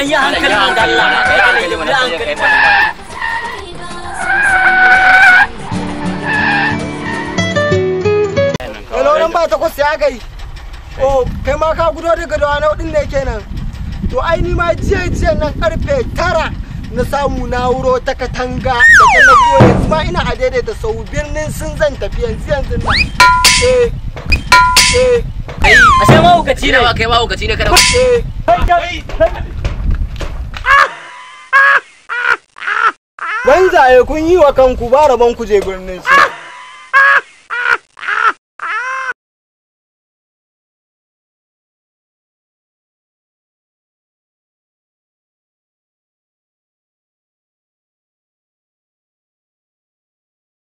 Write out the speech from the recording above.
malam ya hankali ya hankali ya hankali lauran ba takwas ya gai o kai ma ka gudo daga da wani din ne kenan to ai ni ma jiya jiya nan karfe tara na samu na ta katanga da ta na gudo ina a daidaita sau birnin sun zan tafi yanzu yanzu na eh eh ai ma hukaci ne kai Banzaye kun yi wa kanku ba rabon ku je birnin su.